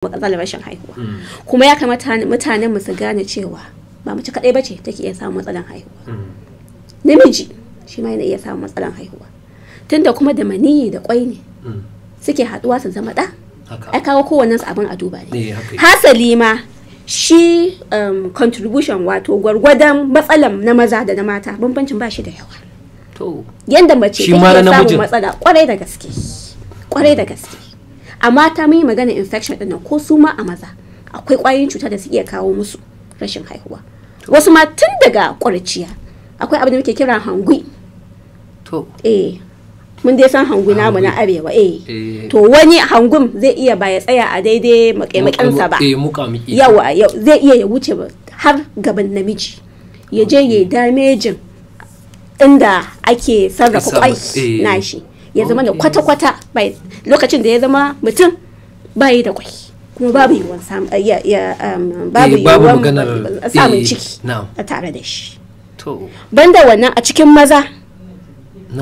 matsalar rashin haihuwa hmm. kuma ya kamata mutanen su gane cewa ba mace kadai bace take iya samun matsalan haihuwa hmm. namiji shi ma yana iya samun matsalar haihuwa tunda kuma da maniyi da kwai ne hmm. suke haduwa su zama da ai kawo kowanne su abin a duba ne eh, hasali ma shi um, contribution wato gwargwadon matsalar na maza da na mata bambancin ba shi da yawa yanda mace take samun matsala kwarai da gaske kwarai da gaske a mata mun yi magana infection din ko su ma a maza akwai kwayoyin cuta da su iya kawo musu rashin haihuwa wasu ma tun daga ƙwarciya akwai abin da muke kira hangui to eh mun dai san hangui namu na arewa eh. eh to wani hangun zai iya ba ya tsaya a daidai makaimakansa ba eh, yawa zai iya ya wuce har gaban namiji ya je ya damejin inda ake sarrafa kwai eh. nashi ya zama da kwata-kwata lokacin da ya zama mutum bai da kwai kuma babu yiwuwan eh, um, eh, samun eh, ciki a tare da shi banda wannan a cikin maza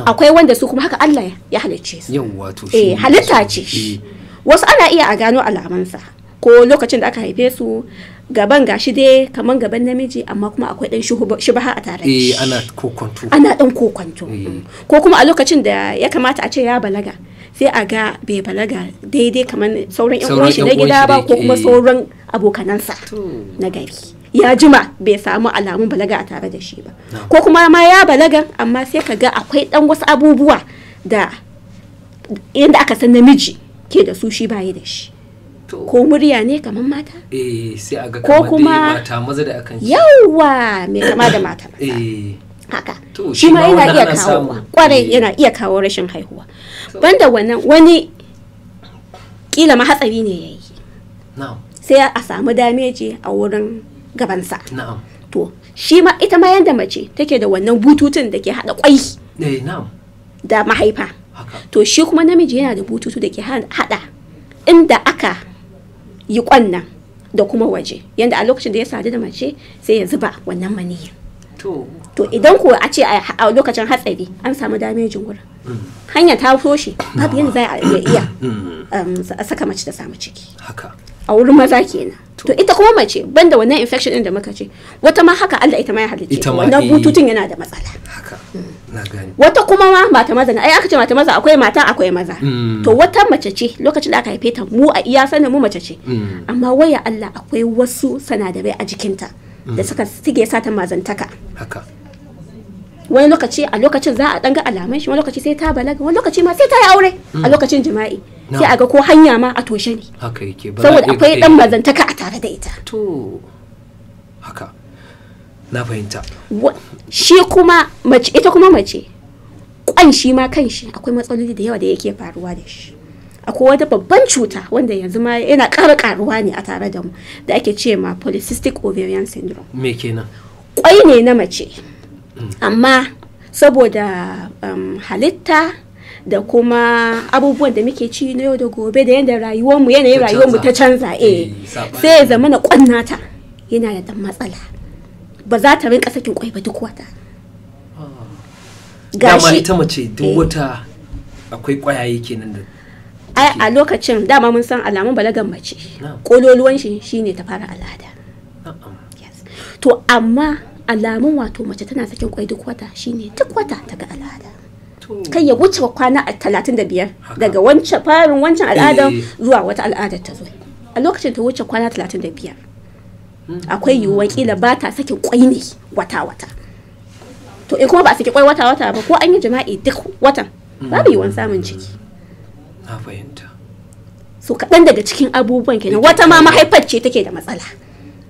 akwai wanda su kuma haka Allah ya halicce su eh halitta ce wasu ana iya a gano alamansa ko lokacin da aka haife su gaban gashi dai kaman gaban namiji amma kuma akwai dan shubaha a tare eh ana kokonto ana dan kokonto eh. ko kuma a lokacin da ya kamata a ce ya balaga sai a ga bai balaga daidai kaman sauran yan uwan shi na gida ba ko kuma eh. sauran abokanansa na gari ya jima bai samu alamun balaga a tare da shi ba ko kuma ma ya balaga amma sai ka ga akwai dan wasu abubuwa da yadda aka san namiji ke da su shi bayi da shi ko murya ne kamar mata eh sai a ga ko kuma mata maza da akan yawa mai kama da mata eh. haka shi ma yana iya kawo kwarai eh. yana iya kawo rashin haihuwa banda wannan wani kila ma hatsari ne yayi sai a samu dameji a wurin gabansa to shi ma ita ma yadda mace take da wannan bututun da ke hada kwai eh, da mahaifa to shi kuma namiji yana da bututu da ke hada inda aka yi kwannan da kuma waje yadda a lokacin da ya sadu da mace sai ya zuba wannan maniyin to idan ko a ce a lokacin hatsari an samu damejin wurin mm. hanya ta toshe babu yadda za a iya mm. um, saka mace ta samu ciki a wurin maza kenan to ita kuma mace banda wannan infection din da muka ce wata ma haka Allah ita ma ya halicce wannan eh. bututun yana da matsala haka mm. na gani wata kuma ma mata maza ai aka ce mata maza akwai mata akwai maza mm. to wata mace ce lokacin da aka haife ta mu a iya sanin mu mace ce mm. amma waya Allah akwai wasu sanadarai a jikinta da suka sige sa ta mazantaka haka wani lokaci a lokacin za a danga alamai shi wani lokaci sai ta balaga wani lokaci ma sai ta yi aure a lokacin jima'i sai a ga ko hanya ma a toshe ne saboda akwai dan mazantaka a tare da ita to haka na fahimta shi kuma mace ita kuma mace kwan shi ma kan shi akwai matsaloli da yawa da yake faruwa da shi akwai wata babban cuta wanda yanzu ma yana ƙara karuwa ne a tare da mu da ake ce ma polycystic ovarian syndrome me kenan kwai ne na mace mm. amma saboda um, halitta da kuma abubuwan da muke ci na yau da gobe da yadda rayuwarmu yanayin rayuwarmu ta canza eh, eh sai ya zama na ta, yana da dan matsala ba za ta rinka sakin kwai ba duk wata ah. gashi ita mace duk eh. wata akwai kwayaye kenan da a lokacin dama mun san alamun balagan mace kololuwan shi shine ta fara al'ada to amma alamun wato mace tana sakin kwai duk wata shine duk wata ta ga al'ada kai ya wuce kwana a talatin da biyar daga wancan farin wancan eh. al'adar zuwa wata al'adar ta zo a lokacin ta wuce kwana talatin da biyar hmm. akwai yiwuwar kila ba ta sake kwai ne wata wata to in eh, kuma ba sake kwai wata wata ba ko an yi jima'i duk watan hmm. babu yiwuwar samun ciki na so kaɗan daga cikin abubuwan kenan wata ma mahaifar ce take da matsala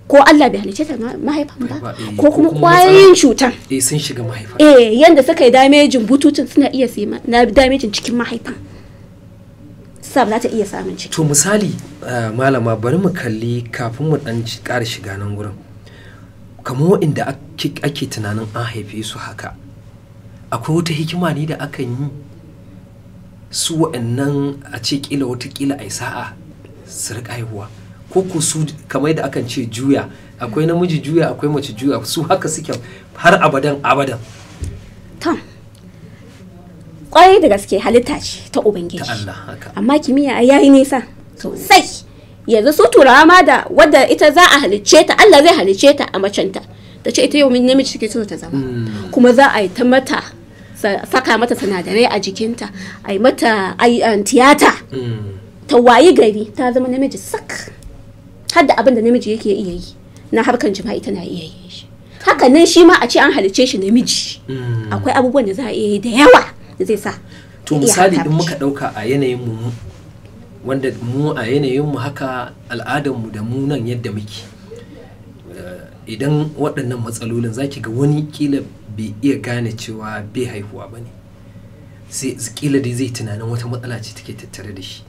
ko Allah bai halice ta mahaifan ba eh, ko kuma kwayoyin cutan eh sun shiga mahaifa eh yanda suka yi damejin bututun suna iya su na damejin cikin mahaifan sab za ta iya samun ciki to misali eh, malama bari mu kalli kafin mu dan ƙara shiga nan gurin kamar inda ake tunanin an haife su haka akwai wata hikima ne da aka yi su wa'annan a ce kila wata kila ai sa'a su riƙa haihuwa ko ku su kamar da akan ce juya akwai namiji juya akwai mace juya su haka suke har abadan abadan to kwai da gaske halitta ce ta ubangiji amma kimiyya ya yi nisa sosai yanzu su turawa ma da wadda ita za a halicce ta allah zai halicce ta a macenta ta ce ita yau namiji take so ta zama hmm. kuma za a yi ta mata saka mata sinadarai a jikinta a yi mata um, tiyata hmm. ta wayi gari ta zama namiji sak har da abin da namiji yake iya yi na harkan jima'i tana iya yi shi haka nan shi ma a ce an halice shi namiji hmm. akwai abubuwan da za a iya yi da yawa da zai sa to misali in muka dauka a yanayin mu wanda mu a yanayin mu haka al'adar mu da mu nan yadda muke eh, idan waɗannan matsalolin zaki ga wani kila bai iya gane cewa bai haihuwa bane ne sai kila dai zai tunanin wata matsala ce take tattare da shi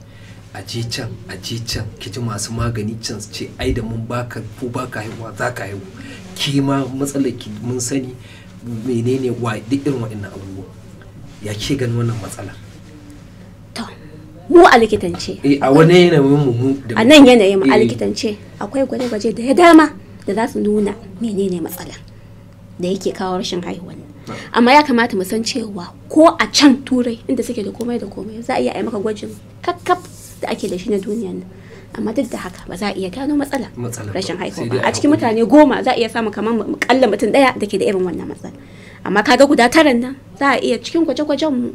a je can a je can ki ji masu magani can su ce ai da mun baka ko baka haihuwa za ka haihu ki ma matsalar ki mun sani menene wa duk irin waɗannan abubuwa ya ke ganin wannan matsalar to mu a likitance eh, a wani yanayin mu a nan yanayin mu a eh. likitance akwai gwaje-gwaje da ya dama da za su nuna menene matsala da yake kawo rashin haihuwa amma ya kamata mu san cewa ko a can turai inda suke da komai da komai za a iya yi maka gwajin kakkaf da ake da shi na duniya nan amma duk da haka ba za a iya gano matsala rashin haihuwa ba a cikin mutane goma za a iya samu kamar kalla mutum daya da ke da irin wannan matsala amma kaga guda taran nan za a iya cikin gwaje-gwajen mu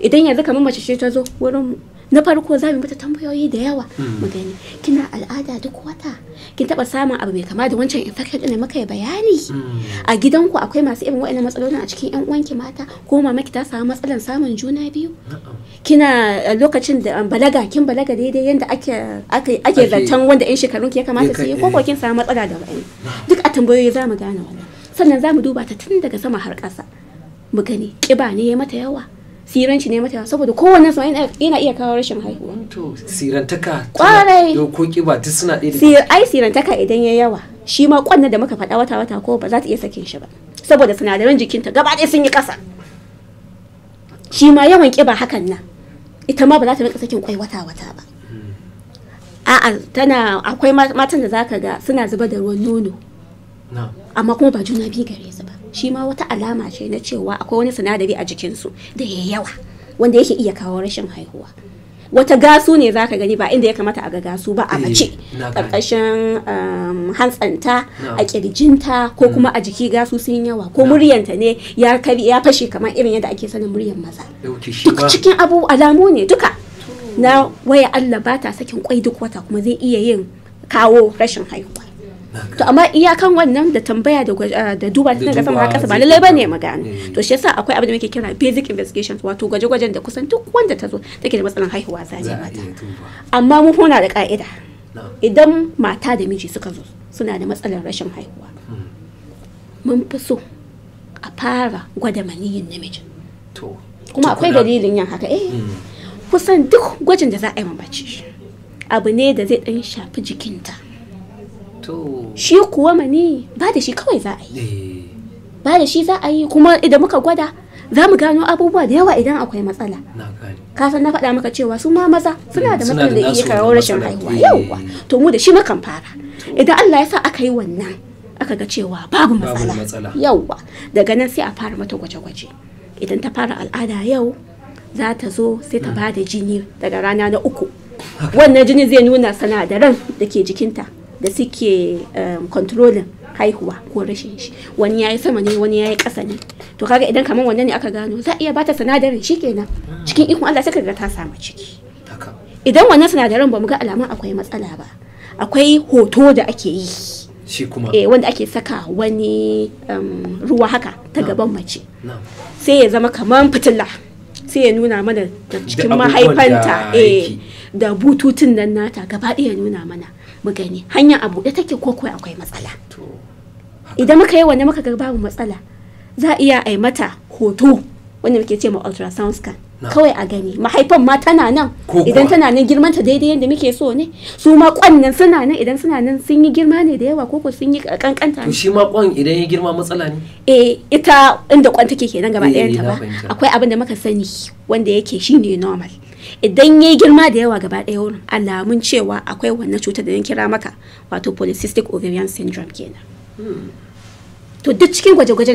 idan yanzu kamar mace ce ta zo wurin mu na farko za mu mata tambayoyi da yawa hmm. mu gani kina al'ada duk wata kin taba samun abu mai kama da wancan infection din da muka bayani hmm. a gidanku akwai masu irin wa'annan matsalolin a cikin yan uwanki mata ko mama ki ta samu matsalan samun juna biyu kina lokacin da um, balaga kin balaga daidai yanda ake ake ake zaton wanda yan shekarun ki ya kamata su yi ko ko eh. kin samu matsala da wani? duk a tambayoyi za mu gane wannan sannan za mu duba ta tun daga sama har ƙasa mu gani kiba ne ya mata yawa siranci ne mata saboda kowanne su yana iya kawo rashin haihuwa to sirantaka kwarai ko kiba duk suna ɗaya da ai sirantaka idan ya yawa shi ma kwanne da muka faɗa wata wata ko ba za ta iya sakin shi ba saboda sinadaran jikinta gaba ɗaya sun yi ƙasa shi ma yawan kiba hakan nan ita ma ba za ta rika sakin kwai wata wata ba a'a tana akwai matan da zaka ga suna zuba da ruwan nono amma kuma ba juna biyu gare su ba shi ma wata alama ce na cewa akwai wani sinadari a jikinsu da ya yawa wanda yake iya kawo rashin haihuwa wata gasu ne za ka gani ba inda ya kamata a ga gasu ba a eh, mace ƙarƙashin um, hantsanta a ƙirjinta ko hmm. kuma a jiki gasu sun yawa ko muryanta ne ya fashe kamar irin yadda ake sanin muryan maza duk cikin abu alamu ne duka na waya Allah ba ta sakin kwai duk wata kuma zai iya yin kawo rashin haihuwa to amma iyakan wannan da tambaya da ah, da duba tun daga sama kasa ba lallai bane mu to shi yasa akwai abin da muke kira basic investigations wato gwaje-gwajen da kusan duk wanda ta zo take da matsalan haihuwa za ta mata amma mu huna da ka'ida idan mata da miji suka zo suna da matsalar rashin haihuwa hmm. mun fi so a fara gwada maniyin namijin kuma akwai dalilin yin haka eh hmm. kusan duk gwajin da za a yi mabaci abu ne da zai dan shafi jikinta shi kuwa mani ba da shi kawai za a yi eh. ba da shi za a yi kuma idan muka gwada za mu gano abubuwa da yawa idan akwai matsala ka san na faɗa maka cewa su ma maza suna da mm, matsala da iya kawo rashin haihuwa eh. yauwa to mu da shi makan fara idan Allah ya sa aka yi wannan aka ga cewa babu matsala yauwa daga nan sai a fara mata gwaje-gwaje idan ta fara al'ada yau za ta zo sai ta mm. ba da jini daga rana na uku wannan jini zai nuna sanadaran da ke jikinta da suke kontrolin um, haihuwa ko rashin shi wani yi sama ne wani ya yi ƙasa ne to kaga idan kamar wannan ne aka gano za a iya bata sinadarin kenan cikin ikon Allah sai ga ta samu ciki idan wannan sinadarin ba mu ga alamun akwai matsala ba akwai hoto da ake yi shi kuma eh wanda ake saka wani um, ruwa haka ta gaban mace sai ya zama kamar fitila sai ya nuna mana da cikin mahaifanta eh, da bututun nan nata gaba ɗaya nuna mana mu gani hanya a buɗe take ko akwai matsala idan muka yi wanne muka ga babu matsala za a iya ai mata hoto wanda muke ce ma ultrasound scan kawai a gani mahaifan ma tana nan idan tana nan girman ta daidai yadda muke so ne su ma kwan nan suna nan idan suna nan sun yi girma ne da yawa ko ko sun yi kankanta to shi ma kwan idan ya girma matsala ne eh ita inda kwan take kenan gaba eh, eh, ɗayan ta ba akwai abin da muka sani wanda yake shine normal idan ya girma da yawa gaba ɗaya wurin alamun cewa akwai wannan cutar da na kira maka wato polycystic ovarian syndrome kenan hmm. to duk cikin gwaje-gwaje